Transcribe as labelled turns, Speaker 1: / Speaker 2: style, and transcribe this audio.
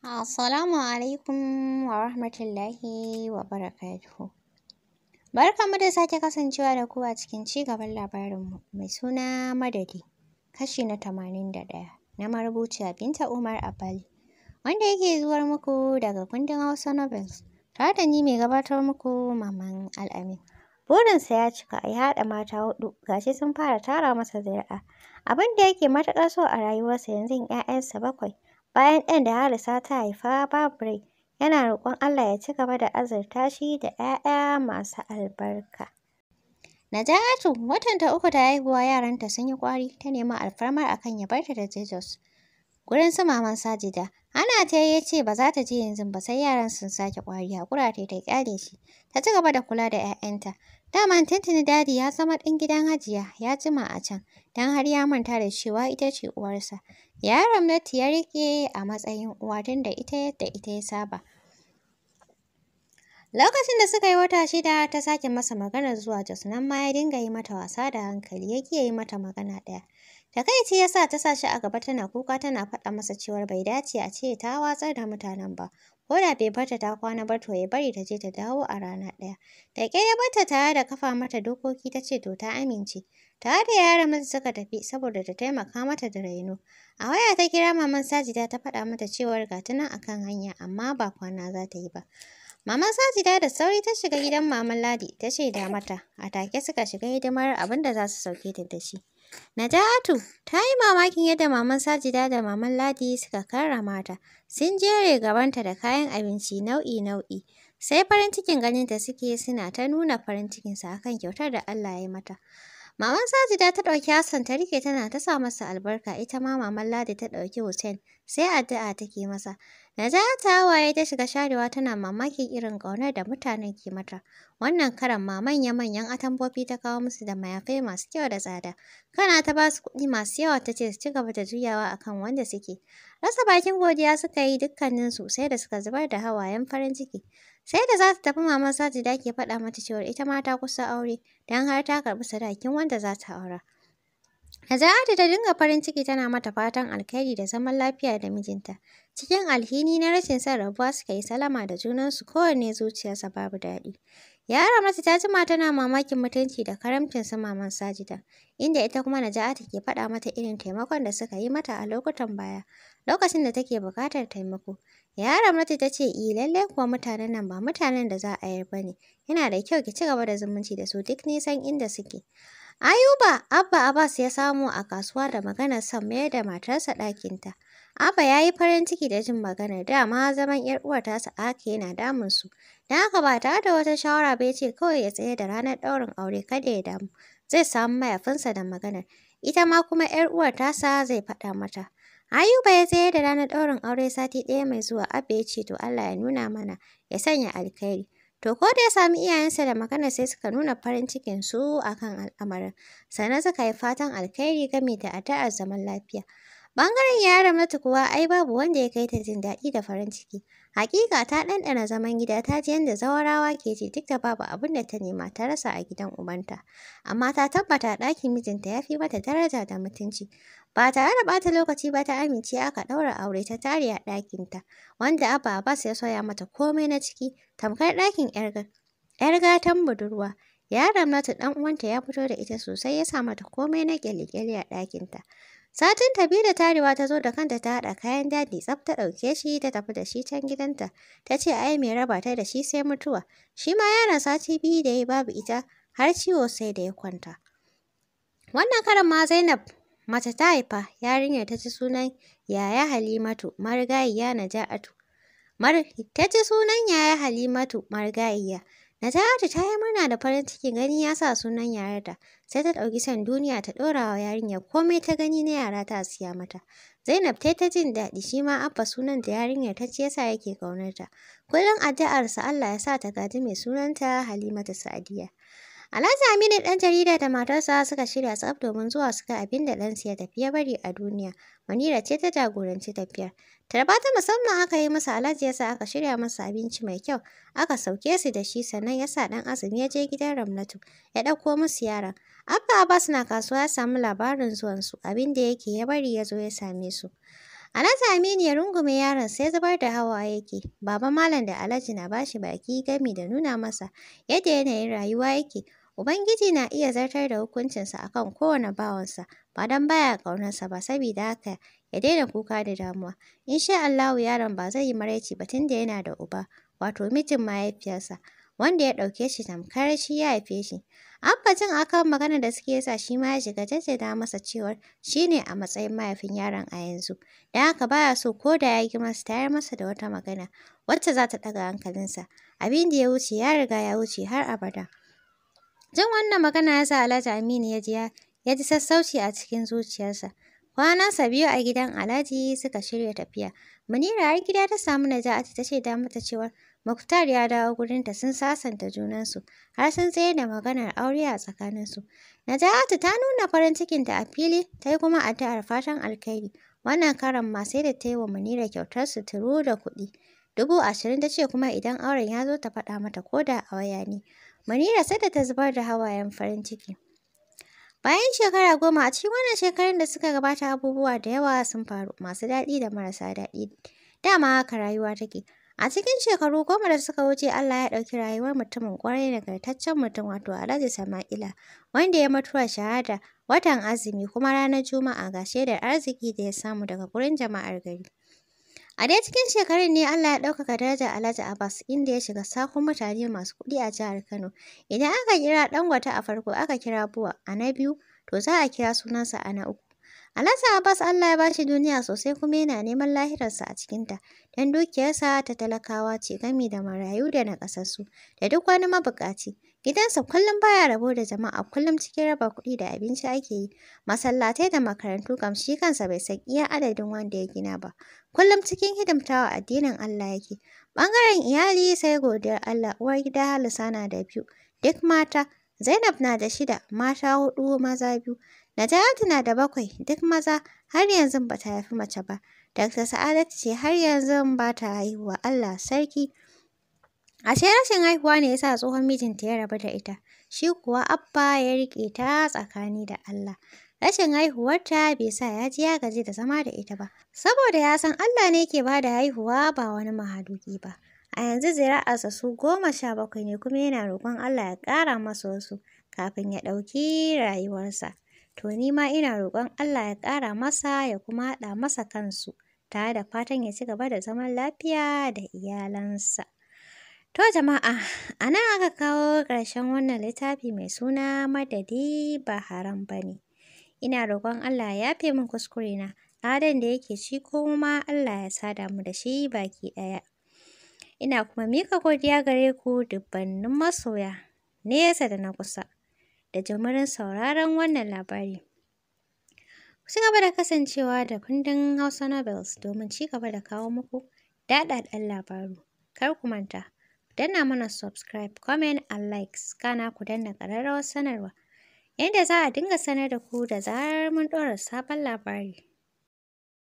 Speaker 1: Assalamu alaikum wa rahmatullahi wa barakatuhu. mu da sake kasancewa da ku a cikin ci gaban labarinmu mai suna madadi kashi na tamanin da ɗaya na marubuciya Binta Umar Abali wanda yake zuwar muku daga kundin Hausa Novels tare da ni mai gabatar muku Maman Al'amin. Burinsa ya cika yi haɗa mata huɗu gashi sun fara tara masa zari'a abin da yake matuƙar so a rayuwarsa yanzu 'ya'yansa bakwai. Bayan ɗan da Harisa ta haifa babu yana roƙon Allah ya ci gaba da azurta shi da 'ya'ya masu albarka. watan watanta uku da haihuwa yaranta sun yi ƙwari ta nema alfarmar akan ya barta da Jesus. Gurin su maman Sajida, ana ta ya ce ba za ta je yanzu ba sai yaran sun sake ƙwari a ta ta ƙyale shi. Ta ci gaba da kula da 'ya'yanta. Dama tuntuni dadi ya zama ɗin gidan Hajiya ya jima a can, don har ya manta da cewa ita ce uwarsa. Yaron Natti ya riƙe a matsayin uwa tunda da ita yadda ita ya saba. Lokacin da suka yi wata shida ta sake masa magana zuwa Jos nan ma ya dinga yi mata wasa da hankali ya ƙi yi mata magana ɗaya. Takaici ya sa ta sa shi a gaba tana kuka tana faɗa masa cewar bai dace a ce ta watsar da mutanen ba, ko da bai barta ta kwana ba to ya bari ta je ta dawo a rana ɗaya. Da ƙyar ya barta tare da kafa mata dokoki ta ce to ta amince. Tare da yaran mata suka tafi saboda ta taimaka mata da raino. A waya ta kira maman Sajida ta faɗa mata cewa ga ta nan akan hanya amma ba kwana za ta yi ba. Maman Sajida da sauri ta shiga gidan Maman Ladi ta shaida mata, a take suka shiga hidimar abin da za su sauke ta da shi. Najatu, ta yi mamakin yadda Maman Sajida da Maman Ladi suka karrama ta. Sun jere gabanta da kayan abinci nau'i-nau'i. Sai farin cikin ganin ganinta suke suna ta nuna farin cikinsu akan kyautar da Allah ya yi mata. Maman Sajida ta ɗauki Hassan ta rike tana ta sa masa albarka ita ma maman Ladi ta ɗauki Hussein sai addu'a take masa. Najat ta waye ta shiga sharewa tana mamakin irin ƙaunar da mutanen ke mata. Wannan karan ma manya-manyan atambofi ta kawo musu da mayafai masu kyau da tsada. Kana ta ba su kuɗi masu yawa ta ce su ci gaba da juyawa akan wanda suke. Rasa bakin godiya suka yi dukkaninsu sai da suka zubar da hawayen farin ciki. Sai da za ta tafi maman Sajida ke faɗa mata cewa ita ma ta kusa aure, don har ta karɓi sadakin wanda za ta aura. Naja'atu ta dinga farin ciki tana mata fatan alkhairi da zaman lafiya da mijinta. Cikin alhini na rashin son rabuwa suka yi salama da junansu kowanne zuciyarsa babu daɗi. Yara matu ta jima tana mamakin mutunci da karamcin su maman Sajida, inda ita kuma Naja'atu ke faɗa mata irin taimakon da suka yi mata a lokutan baya, lokacin da take buƙatar taimako. Yara matu ta ce, "I eh, lallai kuwa mutanen nan ba mutanen da za a yar ba ne, yana da kyau ki ci gaba da zumunci da su duk nisan inda suke." Ayuba, Abba Abbas ya samu a kasuwa da maganar son mayar da matarsa ɗakinta. Abba ya yi farin ciki da jin magana. dama zaman ‘yar uwar tasa ake yana damun su. Da haka ba tare da wata shawara ba ya ce kawai ya tsaye da ranar ɗaurin aure kada ya damu. Zai samu mayafinsa da magana. Ita ma kuma ‘yar uwar tasa zai faɗa mata. Ayuba ya tsaye da ranar ɗaurin aure sati ɗaya mai zuwa Abba ya ce to Allah ya nuna mana ya sanya alkhairi. To ko da ya sami iyayensa da magana sai suka nuna farin cikin su akan al'amarin. Sannan suka yi fatan alkhairi game da addu'ar zaman lafiya. Bangaren yaran mata kuwa ai babu wanda ya kai ta jin daɗi da farin ciki. Hakika ta ɗanɗana zaman gida ta ji yadda zawarawa ke ji duk da babu abin da ta nema ta rasa a gidan ubanta. Amma ta tabbata ɗakin mijinta ya fi mata daraja da mutunci. Ba tare da ɓata lokaci ba ta amince aka ɗaura aure ta tare a ɗakinta, wanda Abba Abbas ya soya mata komai na ciki, tamkar ɗakin 'yar gatan budurwa. Yaron nata ɗan uwanta ya fito da ita sosai ya sa mata komai na ƙyale-ƙyale a ɗakinta. Satin tabi da tarewa ta zo da kanta ta haɗa kayan daɗi tsaf ɗauke shi ta tafi da shi can gidanta. Ta ce ai mai raba ta da shi sai mutuwa. Shi ma yaron sati biyu da ya babu ita har ciwo sai da ya kwanta. Wannan karan ma Zainab mace ta haifa yarinyar ta ci sunan Yaya Halimatu marigayiya ja'atu. Mar ta ci sunan Yaya Halimatu marigayiya. Naja'atu ta yi murna da farin ciki gani ya sa sunan yarata sai ta ɗauki san duniya ta ɗora wa yarinyar komai ta gani na yara ta siya mata. Zainab ta ta jin daɗi shi ma abba sunan da yarinyar ta ce yasa yake ƙaunarta. Kullum addu'arsa Allah ya sa ta gaji mai sunanta Halimatu Sadiya. Alhaji Aminu ɗan jarida da matarsa suka shirya tsaf domin zuwa su ga abin da ɗansu ya tafi ya bari a duniya. manira ce ta jagoranci tafiya Tarba ta musamman aka yi masa alhaji yasa aka shirya masa abinci mai kyau, aka sauke su da shi sannan yasa dan ɗan azumi ya je gidan Ramnatu ya ɗauko musu yaran. Abba Abbas na kasuwa ya samu labarin zuwansu abin da yake ya bari ya zo ya same su. Alhaji Aminu ya rungume yaron sai zubar da hawa yake. Baba Malam da Alhaji na bashi baki gami da nuna masa yadda yanayin rayuwa yake. Ubangiji na iya zartar da hukuncinsa a kan kowane bawansa, ba don baya ƙaunarsa ba, saboda haka ya daina kuka da damuwa. In sha Allahu yaron ba zai yi maraici ba tun da yana da uba, wato mijin mahaifiyarsa, wanda ya ɗauke shi tamkar shi ya haife shi. Abbacin akan magana da suke sa shi ma ya shiga jaddada masa cewar shi ne a matsayin mahaifin yaron a yanzu, don haka baya so ko da ya yi su tayar masa da wata magana wacce za ta ɗaga hankalinsa. Abin da ya wuce ya riga ya wuce har abada. Jin wannan magana ya sa Alhaji Aminu ya ji ya ji sassauci a cikin zuciyarsa. Kwanansa biyu a gidan Alhaji suka shirya tafiya. Munira har gida ta samu Naja'atu ta ce shaida mata cewa Muktar ya dawo gurin ta sun sasanta junansu har sun tsaye da maganar aure a tsakanin tsakaninsu. Naja'atu ta nuna farin cikin cikinta a fili ta yi kuma addu'ar fatan alkhairi. Wannan karan ma sai da ta yi wa Munira kyautar suturu da kuɗi. Dubu ashirin ta ce kuma idan auren ya zo ta faɗa mata koda a waya ne. Manira sai da ta zubar da hawayen farin ciki. Bayan shekara goma a cikin wannan shekarun da suka gabata abubuwa da yawa sun faru masu daɗi da marasa daɗi. Dama haka rayuwa take. A cikin shekaru goma da suka wuce Allah ya ɗauki rayuwar mutumin ƙwarai nagartaccen mutum wato Alhaji Sama'ila wanda ya mutuwa shahada watan azumi kuma ranar Juma'a ga shaidar arziki da ya samu daga gurin jama'ar gari. A dai cikin shekarun ne Allah ya ɗaukaka darajar Alhaji Abbas inda ya shiga sakon mutane masu kuɗi a jihar Kano. Idan aka kira ɗangwata a farko aka kira Buwa a na biyu to za a kira sunansa a na uku. Alhassan Abbas Allah ya ba shi duniya sosai kuma yana neman lahirarsa a cikinta, don dukiyarsa ta talakawa ce gami da marayu da na nakasassu da duk wani mabukaci. Gidansa kullum baya rabo da jama'a kullum cikin raba kuɗi da abinci ake yi, masallatai da makarantu kam shi kansa bai san iya adadin wanda ya gina ba. Kullum cikin hidimtawa addinin Allah yake. Bangaren iyali sai godiyar Allah uwar gida na da biyu, duk mata Zainab na da shida, mata hudu maza biyu. Najatu na da bakwai, duk maza, har yanzu ba ta haifi mace ba. Dr. Sa'adatu ce har yanzu ba ta haihuwa, Allah sarki. Ashe rashin haihuwa ne yasa tsohon mijinta ya rabu da ita, shi kuwa Abba ya riƙe ta tsakani da Allah. Rashin haihuwarta bai sa ya ji ya gaji da zama da ita ba, saboda ya san Allah ne ke ba da haihuwa ba wani mahaluki ba. A yanzu zira'arsa su goma sha bakwai ne kuma yana roƙon Allah ya ƙara masa wasu kafin ya ɗauki rayuwarsa. To ni ma ina roƙon Allah ya ƙara masa ya kuma haɗa masa kansu tare da fatan ya ci gaba da zaman lafiya da iyalansa. To jama'a, a nan aka kawo ƙarshen wannan littafi mai suna madadi ba haram ba ne. Ina roƙon Allah ya yafe min kuskurena, adon da yake ci kuma Allah ya sada mu da shi baki ɗaya. Ina kuma mika godiya gare ku dubbannin masoya nesa da na kusa da jimirin sauraron wannan labari. Ku cigaba gaba da kasancewa da kundin Hausa Novels domin ci gaba da kawo muku daɗaɗɗen labaru. Kar ku manta, ku danna mana subscribe, comment and likes, kana ku danna ƙararrawar sanarwa. Yadda za a dinga sanar da ku da zarar mun ɗora sabon labari.